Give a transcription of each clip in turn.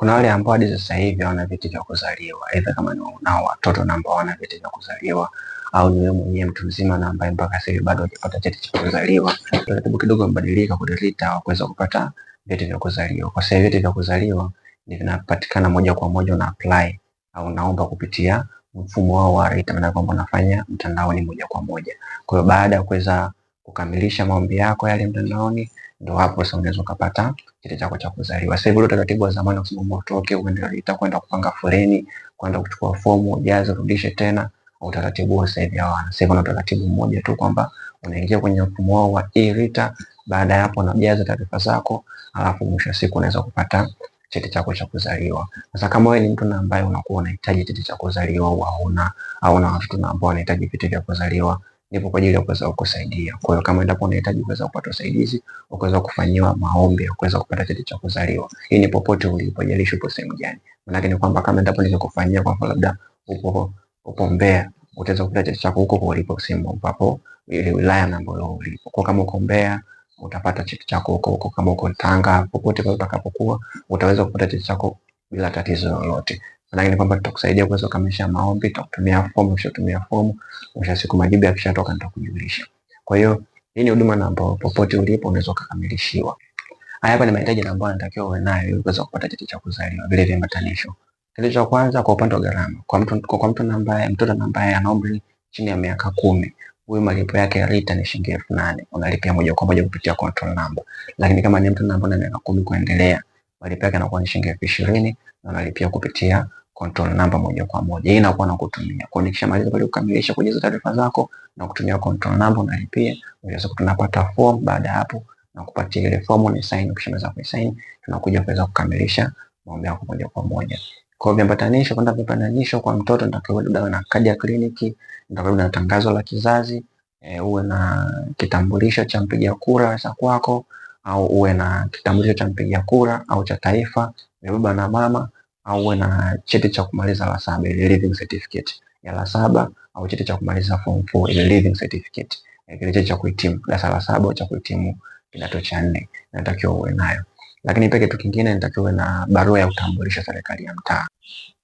Kuna wale ambao hadi sasa hivi hawana vyeti vya kuzaliwa, aidha kama ni nao watoto na ambao hawana vyeti vya kuzaliwa, au ni wewe mwenyewe mtu mzima na ambaye mpaka sasa hivi bado hajapata cheti cha kuzaliwa. Taratibu kidogo mbadilika kudelita au kuweza kupata vyeti vya kuzaliwa. Kwa sababu vyeti vya kuzaliwa ni vinapatikana moja kwa moja, una apply au unaomba kupitia mfumo wao wa RITA, maana kwamba unafanya mtandaoni moja kwa moja. Kwa hiyo baada ya kuweza kukamilisha maombi yako yale mtandaoni ndio hapo sasa unaweza ukapata cheti chako cha kuzaliwa. Sasa hivi utaratibu wa zamani kusema utoke uende kwenda kupanga foleni, kwenda kuchukua fomu, ujaze, urudishe tena, utaratibu wa sasa hivi hawana. Sasa kuna utaratibu mmoja tu kwamba unaingia kwenye mfumo wao wa e-RITA, baada ya hapo unajaza taarifa zako, alafu mwisho siku unaweza kupata cheti chako cha kuzaliwa. Sasa kama wewe ni mtu na ambaye unakuwa unahitaji cheti cha kuzaliwa au hauna au una watu ambao wanahitaji vitu vya kuzaliwa nipo kwa ajili ya kuweza kukusaidia. Kwa hiyo kama endapo unahitaji kuweza kupata usaidizi, kuweza kufanyiwa maombi, kuweza kupata cheti cha kuzaliwa, hii ni popote ulipo, jalishi upo sehemu gani. Maana ni kwamba kama endapo nilikufanyia kwa labda upo upo Mbeya, utaweza kupata cheti chako huko ulipo sehemu ambapo ile wilaya namba ambayo ulipo. Kwa kama uko Mbeya utapata cheti chako huko huko, kama uko Tanga, popote pale utakapokuwa utaweza kupata cheti chako bila tatizo lolote. Maana ni kwamba tutakusaidia kuweza kukamilisha maombi, tutakutumia fomu, ushatumia fomu, mwisho siku majibu yakishatoka nitakujulisha. Kwa hiyo hii ni huduma namba, popote ulipo unaweza kukamilishiwa. Haya hapa ni mahitaji ambayo anatakiwa uwe nayo ili kuweza kupata cheti cha kuzaliwa, vile vile matanisho. Kitu cha kwanza kwa upande wa gharama, kwa mtu kwa mtu ambaye mtoto ambaye ana umri chini ya miaka kumi huyu malipo yake ya RITA ni shilingi elfu nane unalipia moja kwa moja kupitia control number. Lakini kama ni mtu ambaye ana miaka kumi kuendelea, malipo yake yanakuwa ni shilingi elfu ishirini na unalipia kupitia control number moja kwa moja. Hii inakuwa na kutumia. Kwa hiyo nikishamaliza pale kukamilisha kujaza taarifa zako na kutumia control number na pia unaweza kutunapata form baada hapo na kupatia ile form ni sign. Ukishamaliza ku sign, tunakuja kuweza kukamilisha maombi yako moja kwa moja. Kwa hivyo viambatanisho, kwenda viambatanisho kwa mtoto nitakiwa labda na kadi ya kliniki, nitakiwa na tangazo la kizazi, e, uwe na kitambulisho cha mpiga kura za kwako au uwe na kitambulisho cha mpiga kura au cha taifa ya baba na mama au uwe na cheti cha kumaliza la saba ile leaving certificate ya la saba au cheti cha kumaliza form 4 ile leaving certificate ya eh, kile cheti cha kuhitimu darasa la saba au cha kuhitimu kidato cha nne natakiwa uwe nayo. Lakini pia kitu kingine natakiwa uwe na barua ya utambulisho serikali ya mtaa.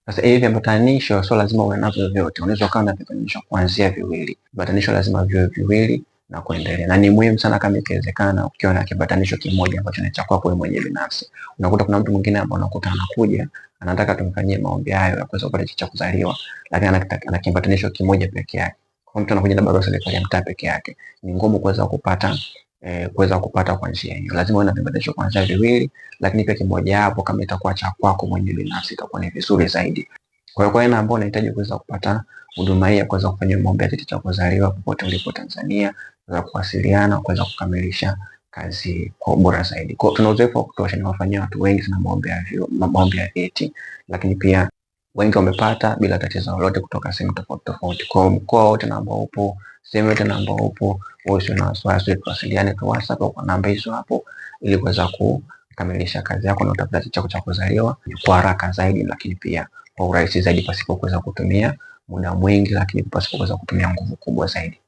Sasa hivi viambatanisho sio lazima uwe navyo vyote, unaweza kuwa na vipatanisho kuanzia viwili. Vipatanisho lazima viwe viwili na kuendelea. Na ni muhimu sana kama ikiwezekana ukiwa na kibatanisho kimoja ambacho ni cha kwako wewe mwenyewe binafsi. Unakuta kuna mtu mwingine ambaye unakuta anakuja anataka tumfanyie maombi hayo ya kuweza kupata cheti cha kuzaliwa, lakini ana kibatanisho kimoja peke yake. Kwa mtu anakuja na barua ya serikali ya mtaa peke yake, ni ngumu kuweza kupata eh, kuweza kupata kwa njia hiyo. Lazima uwe na vibadilisho kwanza viwili, lakini pia kimoja hapo kama itakuwa cha kwako mwenyewe binafsi itakuwa ni vizuri zaidi. Kwa hiyo kwa aina ambayo unahitaji kuweza kupata huduma hii ya kuweza kufanya maombi ya cheti cha kuzaliwa popote ulipo Tanzania, kuweza kuwasiliana, kuweza kukamilisha kazi kwa ubora zaidi. Kwa tuna uzoefu wa kutosha, nimewafanyia watu wengi sana maombi ya vyeti, lakini pia wengi wamepata bila tatizo lolote kutoka sehemu tofauti tofauti. Kwa mkoa wote na ambao upo, sehemu yote na ambao upo, wewe na wasiwasi, tuwasiliane kwa WhatsApp au kwa namba hizo hapo ili kuweza kukamilisha kazi yako na utapata cheti chako cha kuzaliwa kwa haraka zaidi, lakini pia kwa urahisi zaidi pasipo kuweza kutumia muda mwingi, lakini pasipo kuweza kutumia nguvu kubwa zaidi.